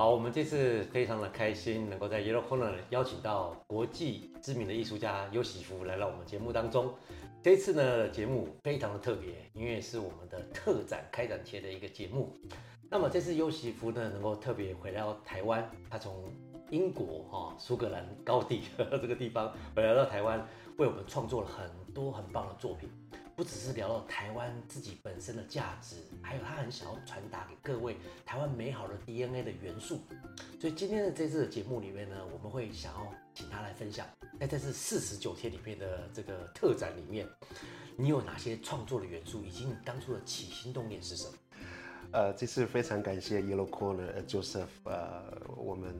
好，我們這次非常的開心，能夠在 YellowKorner 邀請到國際知名的藝術家優席夫來到我們節目當中。這次呢，節目非常的特別，因為是我們的特展開展前的一個節目。那麼這次優席夫呢，能夠特別回到台灣，他從英國哈蘇格蘭高地這個地方，回來到台灣，為我們創作了很多很棒的作品。不只是聊到台灣自己本身的價值，還有他很想要傳達給各位台灣美好的 DNA 的元素。所以今天的這次的節目裡面呢，我們會想要請他來分享，在這次四十九天裡面的這個特展裡面，你有哪些創作的元素，以及你當初的起心動念是什麼？呃，這次非常感謝 YellowKorner，呃，優席夫，呃，我們。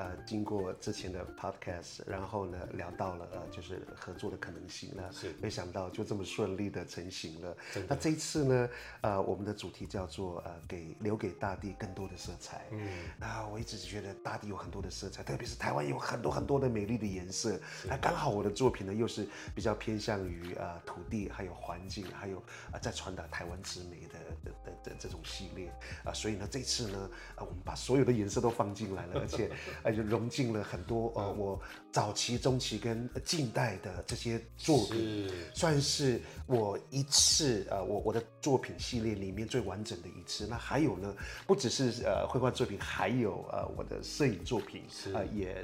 呃、經過之前的 podcast，然後呢，聊到了呃，就是合作的可能性了。是，沒想到就這麼順利的成型了。的那這一次呢，呃，我們的主題叫做呃，給留給大地更多的色彩。嗯，啊、呃，我一直覺得大地有很多的色彩，特別是台灣有很多很多的美麗的顏色。那的剛好我的作品呢，又是比較偏向於呃土地，還有環境，還有、呃、在傳達台灣之美的的的，的，的這種系列。啊、呃，所以呢，這次呢，啊、呃，我們把所有的顏色都放進來了，而且。 融進了很多呃，我早期、中期跟近代的這些作品，是算是我一次呃，我我的作品系列裡面最完整的一次。那還有呢，不只是呃繪畫作品，還有呃我的攝影作品，是呃也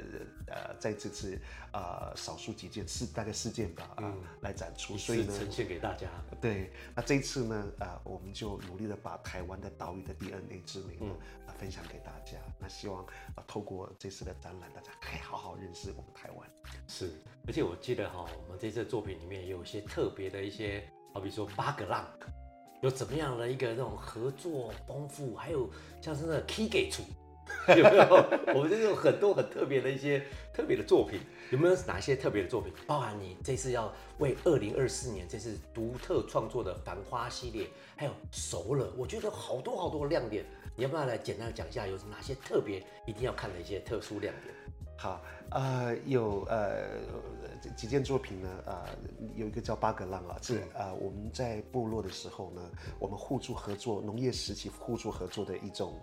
呃在這次。啊、呃，少數幾件大概四件吧，啊、呃，嗯、來展出，所以呢，呈現給大家。對，那這一次呢，啊、呃，我們就努力的把台灣的島嶼的 DNA 之美，呢啊、嗯呃，分享給大家。那希望啊、呃，透過這次的展覽，大家可以好好認識我們台灣。是，而且我記得哈、哦，我們這次的作品裡面有一些特別的一些，好比說八格浪，有怎麼樣的一個這種合作豐富，還有像是那 K g 給圖。 有沒有？我們這有很多很特別的一些特別的作品，有沒有哪些特別的作品？包含你這次要為二零二四年這次獨特創作的繁花系列，還有熟了，我覺得好多好多亮點。你要不要來簡單講一下，有哪些特別一定要看的一些特殊亮點？好，呃，有呃幾件作品呢？呃，有一個叫巴格浪啊，是呃，我們在部落的時候呢，我們互助合作，農業時期互助合作的一種，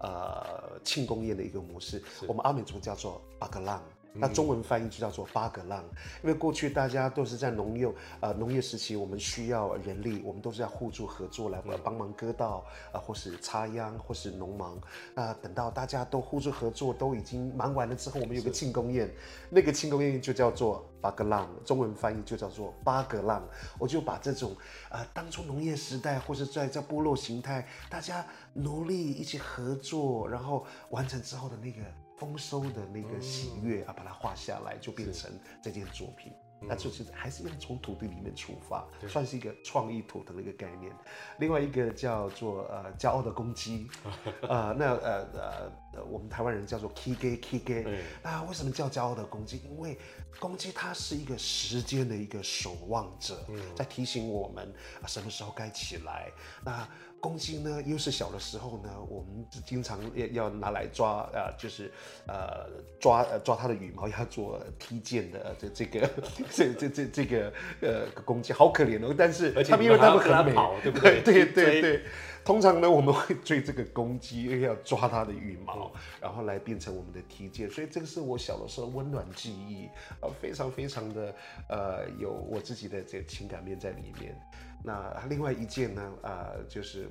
呃，慶功宴的一個模式，是我們阿美族叫做巴格浪。那中文翻譯就叫做“八格浪”，因為過去大家都是在農業，呃，農業時期，我們需要人力，我們都是要互助合作來，我幫忙割稻，啊、呃，或是插秧，或是農忙。那、呃、等到大家都互助合作都已經忙完了之後，我們有個慶功宴，是那個慶功宴就叫做“八格浪”，中文翻譯就叫做“八格浪”。我就把這種，呃，當初農業時代，或是在這部落形態，大家努力一起合作，然後完成之後的那個。豐收的那個喜悅啊，把它畫下來，就變成這件作品。是那就是還是要從土地裡面出發，嗯、算是一個創意土的一個概念。對另外一個叫做呃驕傲的公雞，啊、 呃，那呃呃我們台灣人叫做 kge kge 那為什麼叫驕傲的公雞？因為公雞它是一個時間的一個守望者，嗯、在提醒我們什麼時候該起來。那公雞呢，又是小的時候呢，我們是經常要要拿來抓啊、呃，就是呃抓抓它的羽毛要做踢毽的這、呃、這個這這這這個、這個、呃公雞好可憐哦，但是他們他們而且因為它們很美，對不對，對，追對？對對對，通常呢我們會追這個公雞因為要抓它的羽毛，然後來變成我們的踢毽，所以這個是我小的時候溫暖記憶、呃、非常非常的呃有我自己的這個情感面在裡面。那另外一件呢？呃，就是，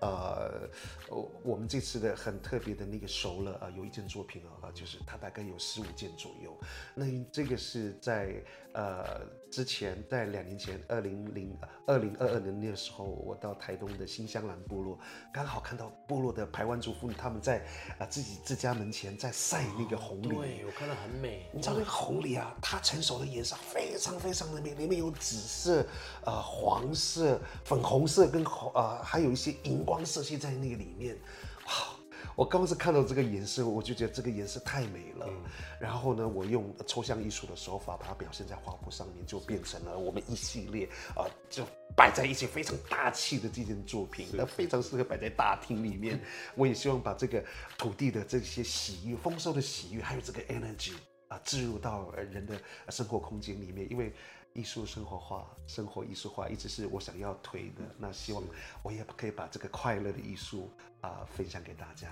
呃，我我們這次的很特別的那個熟了啊，呃，有一件作品啊，呃，就是它大概有十五件左右。那這個是在，呃。之前在兩年前，二零零二零二二年那個時候，我到台東的新香蘭部落，剛好看到部落的排灣族婦女，他們在啊、呃、自己自家門前在曬那個紅藜。對，我看到很美。你知道那個紅藜啊，它成熟的顏色非常非常的美，裡面有紫色、呃、黃色、粉紅色跟紅、呃、還有一些熒光色系在那個裡面，哇。我剛，剛是看到這個顏色，我就覺得這個顏色太美了。嗯、然後呢，我用抽象藝術的手法把它表現在畫布上面，就變成了我們一系列啊是、呃，就擺在一些非常大氣的這件作品。那是非常適合擺在大廳裡面。是我也希望把這個土地的這些喜悅、豐收的喜悅，還有這個 energy 啊、呃，置入到人的生活空間裡面，因為。藝術生活化，生活藝術化，一直是我想要推的。嗯、那希望我也可以把這個快樂的藝術啊分享給大家。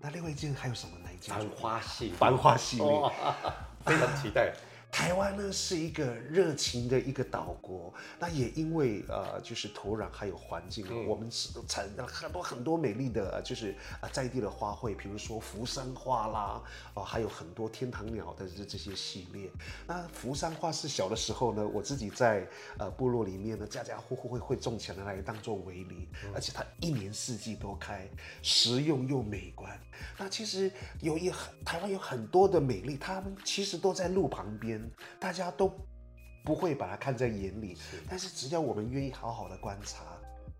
那另外一件還有什麼呢？一件繁花系列、啊，繁花系列，哦、啊啊非常期待。啊台灣呢是一個熱情的一個島國，那也因為呃就是土壤還有環境，對我們產很多很多美麗的就是啊在地的花卉，比如說扶桑花啦，哦、呃、還有很多天堂鳥的這這些系列。那扶桑花是小的時候呢，我自己在呃部落裡面呢，家家戶戶會會種起來來當做圍籬，嗯、而且它一年四季都開，實用又美觀。那其實有一台灣有很多的美麗，它們其實都在路旁邊。大家都不會把它看在眼裡，是的但是只要我們願意好好的觀察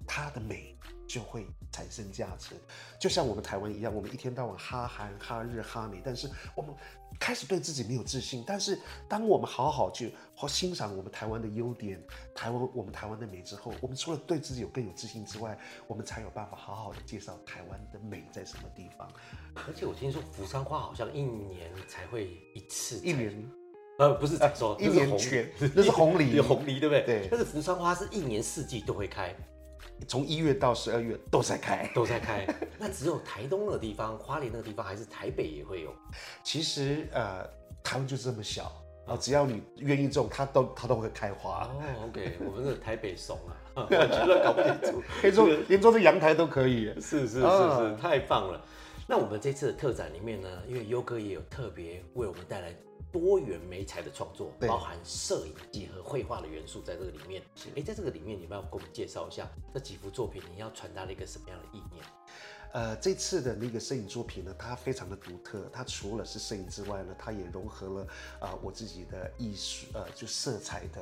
它的美，就會產生價值。就像我們台灣一樣，我們一天到晚哈韓、哈日、哈美，但是我們開始對自己沒有自信。但是當我們好好去好欣賞我們台灣的優點，台灣我們台灣的美之後，我們除了對自己有更有自信之外，我們才有辦法好好的介紹台灣的美在什麼地方。而且我聽說扶桑花好像一年才會一次，一年。呃，不是，說一年圈那是紅藜，有紅藜對不對？對，是扶桑花是一年四季都會開，從一月到十二月都在開都在開。那只有台東那個地方，花蓮那個地方，還是台北也會有。其實呃，台灣就這麼小啊，只要你願意種，它都它都會開花。OK，我們是台北慫啊，覺得搞不清楚，可以連做在陽台都可以。是是是，太棒了。那我們這次的特展裡面呢，因為優哥也有特別為我們帶來。多元媒材的創作，包含攝影結合繪畫的元素在這個裡面。哎對、欸，在這個裡面，你們要給我們介紹一下這幾幅作品，你要傳達了一個什麼樣的意念？呃，這次的那個攝影作品呢，它非常的獨特。它除了是攝影之外呢，它也融合了啊、呃、我自己的藝術呃就色彩的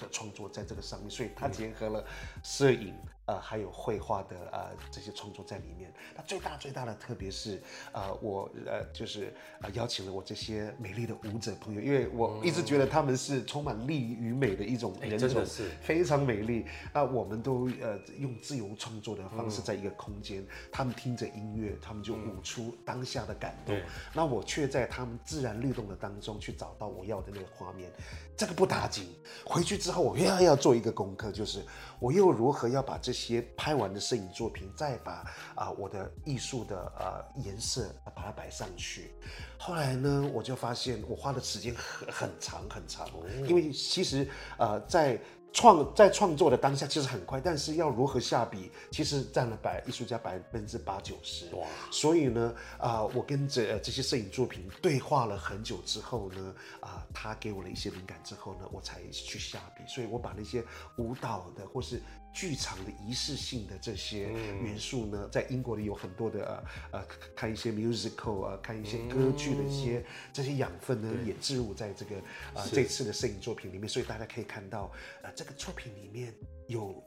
的創、呃、作在這個上面，所以它結合了攝影。對呃，還有繪畫的呃這些創作在裡面。那最大最大的特、特別是呃我呃就是呃邀請了我這些美麗的舞者朋友，因為我一直覺得他們是充滿力與美的一種人種，欸、真的是非常美麗。那我們都呃用自由創作的方式，在一個空間，嗯、他們聽着音樂，他們就舞出當下的感動。嗯、那我卻在他們自然律動的當中去找到我要的那個畫面，這個不打緊。回去之後，我又要做一個功課，就是我又如何要把這些一些拍完的攝影作品，再把啊、呃、我的藝術的呃顏色把它擺上去。後來呢，我就發現我花的時間很很長很長。因為其實呃在創在創作的當下其實很快，但是要如何下筆，其實佔了百藝術家百分之八九十。哇！所以呢啊、呃，我跟著、呃、這些攝影作品對話了很久之後呢啊、呃，他給我了一些靈感之後呢，我才去下筆。所以我把那些舞蹈的或是。劇場的儀式性的這些元素呢，嗯、在英國裡有很多的呃呃，看一些 musical 啊、呃，看一些歌劇的一些、嗯、這些養分呢，嗯、也植入在這個啊這次的攝影作品裡面，是所以大家可以看到，呃，這個作品裡面有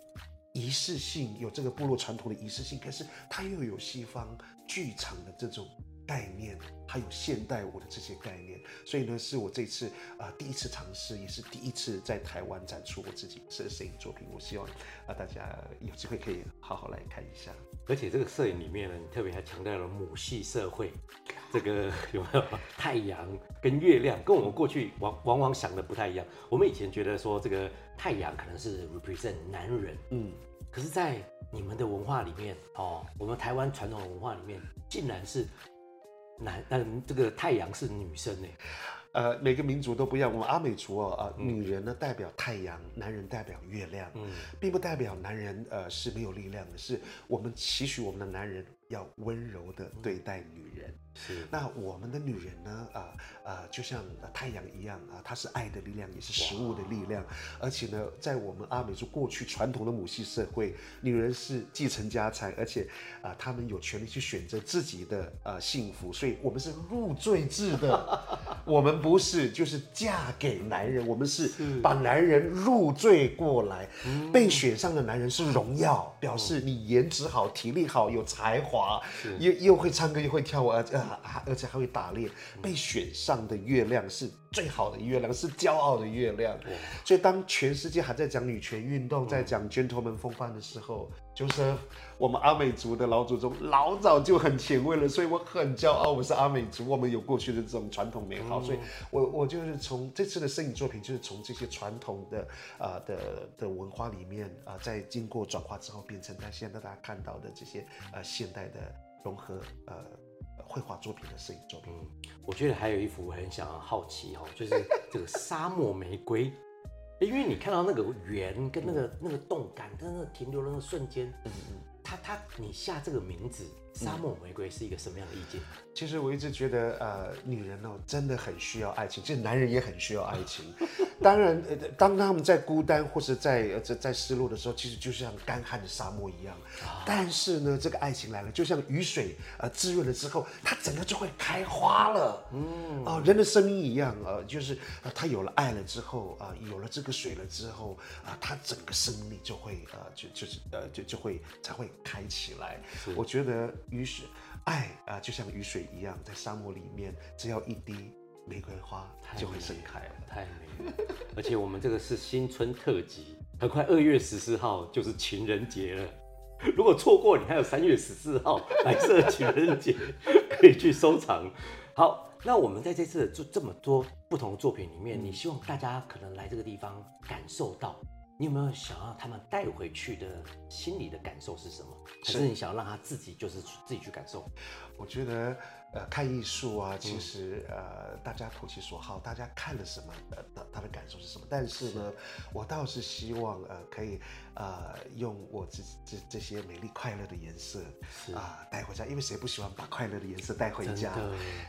儀式性，有這個部落傳統的儀式性，可是它又有西方劇場的這種。概念，還有現代舞的這些概念，所以呢，是我這次啊、呃、第一次嘗試，也是第一次在台灣展出我自己攝影作品。我希望啊大家有機會可以好好來看一下。而且這個攝影裡面呢，特別還強調了母系社會，這個有沒有？太陽跟月亮跟我們過去往往往想的不太一樣。我們以前覺得說這個太陽可能是 represent 男人，嗯，可是，在你們的文化裡面哦，我們台灣傳統的文化裡面，竟然是。男，男，但這個太陽是女生的？呃，每個民族都不一樣。我們阿美族哦，啊、呃，嗯、女人呢代表太陽，男人代表月亮，嗯、並不代表男人呃是沒有力量的，是，我們期許我們的男人要溫柔的對待女人。嗯、那我們的女人呢，啊、呃、啊、呃，就像太陽一樣啊、呃，她是愛的力量，也是食物的力量。哇而且呢，在我們阿美族過去傳統的母系社會，女人是繼承家產，而且啊、呃，她們有權利去選擇自己的呃幸福。所以，我們是入贅制的， 我們。不是，就是嫁給男人。我們是把男人入贅過來，是被選上的男人是榮耀，表示你顏值好、體力好、有才華，是又又會唱歌、又會跳舞，而且，而且還會打獵。被選上的月亮是。最好的月亮是驕傲的月亮，所以當全世界還在講女權運動，嗯、在講 gentleman 風範的時候，就是我們阿美族的老祖宗老早就很前衛了。所以我很驕傲，我們是阿美族，我們有過去的這種傳統美好。嗯、所以我，我我就是從這次的攝影作品，就是從這些傳統的啊、呃、的的文化裡面啊、呃，在經過轉化之後，變成在現在大家看到的這些呃現代的融合呃。繪畫作品的攝影作品，嗯，我覺得還有一幅我很想好奇哦，就是這個沙漠玫瑰，因為你看到那個圓跟那個，嗯，那個動感，但那個停留的那個瞬間，嗯嗯，它它，你下這個名字。嗯、沙漠玫瑰是一個什麼樣的意境？其實我一直覺得，呃，女人哦，真的很需要愛情，就是男人也很需要愛情。 當然、呃，當他們在孤單或者在在、呃、在失落的時候，其實就像乾旱的沙漠一樣。哦、但是呢，這個愛情來了，就像雨水，呃、滋潤了之後，它整個就會開花了。嗯、呃，人的生命一樣，啊、呃，就是啊、呃，他有了愛了之後，啊、呃，有了這個水了之後，啊、呃，他整個生命就會，就就是，呃，就就，呃就，就會才會開起來。是我覺得。雨水，愛啊、呃，就像雨水一樣，在沙漠裡面，只要一滴，玫瑰花就會盛開了。太美開了，太美了， 而且我們這個是新春特輯，很快二月十四號就是情人節了。 如果錯過，你還有三月十四號白色情人節， 可以去收藏。好，那我們在這次做這麼多不同的作品裡面，嗯、你希望大家可能來這個地方感受到，你有沒有想要他們帶回去的心理的感受是什麼？是還是你想要讓他自己就是自己去感受？我覺得，呃，看藝術啊，其實、嗯、呃，大家投其所好，大家看了什麼，呃，他的感受是什麼？但是呢，是我倒是希望呃，可以呃，用我這這這些美麗快樂的顏色啊帶是、呃、回家，因為誰不喜歡把快樂的顏色帶回家？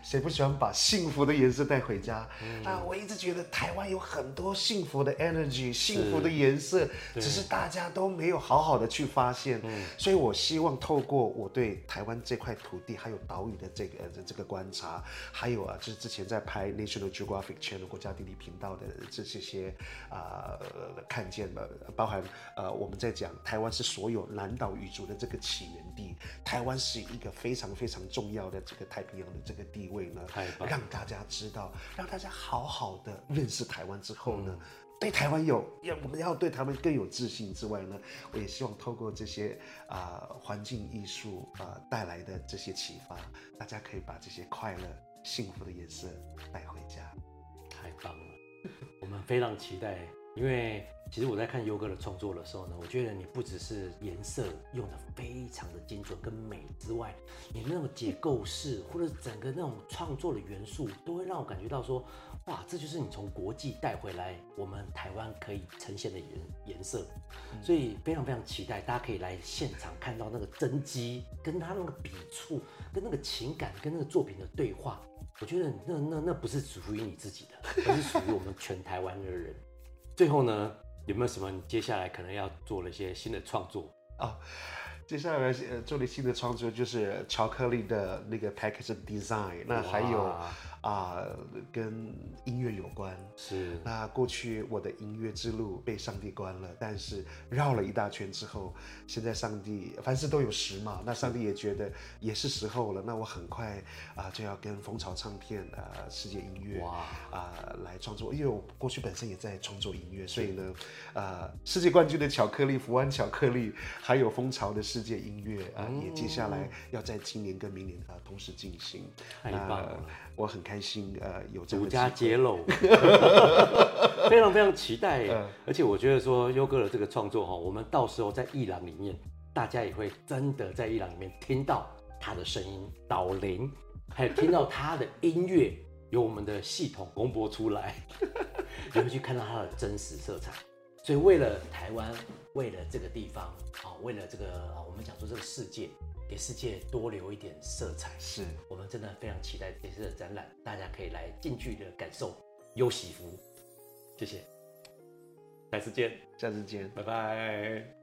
誰的不喜歡把幸福的顏色帶回家？啊、嗯，我一直覺得台灣有很多幸福的 energy，是幸福的顏。是，只是大家都沒有好好的去發現，所以我希望透過我對台灣這塊土地還有島嶼的這個這個觀察，還有啊，就是之前在拍 National Geographic Channel 國家地理頻道的這些些啊，看見了，包含、呃、我們在講台灣是所有南島語族的這個起源地，台灣是一個非常非常重要的這個太平洋的這個地位呢，讓大家知道，讓大家好好的認識台灣之後呢。嗯對台灣有要。我們要對他們更有自信之外呢，我也希望透過這些啊環境藝術啊帶來的這些啟發，大家可以把這些快樂、幸福的顏色帶回家。太棒了， 我們非常期待。因為其實我在看優哥的創作的時候呢，我覺得你不只是顏色用的非常的精準跟美之外，你那種結構式或者整個那種創作的元素，都會讓我感覺到說，哇，這就是你從國際帶回來，我們台灣可以呈現的顏顏色，嗯、所以非常非常期待，大家可以來現場看到那個真跡，跟他那個筆觸，跟那個情感，跟那個作品的對話。我覺得那那那不是屬於你自己的，而是屬於我們全台灣的人。 最後呢，有沒有什麼你接下來可能要做了一些新的創作、哦、接下來呃做了新的創作就是巧克力的那個 package design，那還有啊。啊，跟音樂有關是。那過去我的音樂之路被上帝關了，但是繞了一大圈之後，現在上帝凡事都有時嘛。那上帝也覺得也是時候了。是那我很快啊、呃、就要跟風潮唱片啊、呃、世界音樂哇啊、呃、來創作，因為我過去本身也在創作音樂，是所以呢、呃，世界冠軍的巧克力、福安巧克力，還有風潮的世界音樂啊，呃嗯、也接下來要在今年跟明年啊、呃、同時進行。那，那我很開心。心呃，有獨家揭露， 非常非常期待，而且我覺得說優哥的這個創作哈，嗯、我們到時候在藝廊裡面，大家也會真的在藝廊裡面聽到他的聲音導聆，還有聽到他的音樂 由我們的系統公播出來，你們 去看到他的真實色彩。所以為了台灣，為了這個地方啊，為了這個啊，我們講說這個世界。給世界多留一點色彩，是我們真的非常期待這次的展覽，大家可以來近距離的感受優席夫，謝謝，下次見，下次見，拜拜。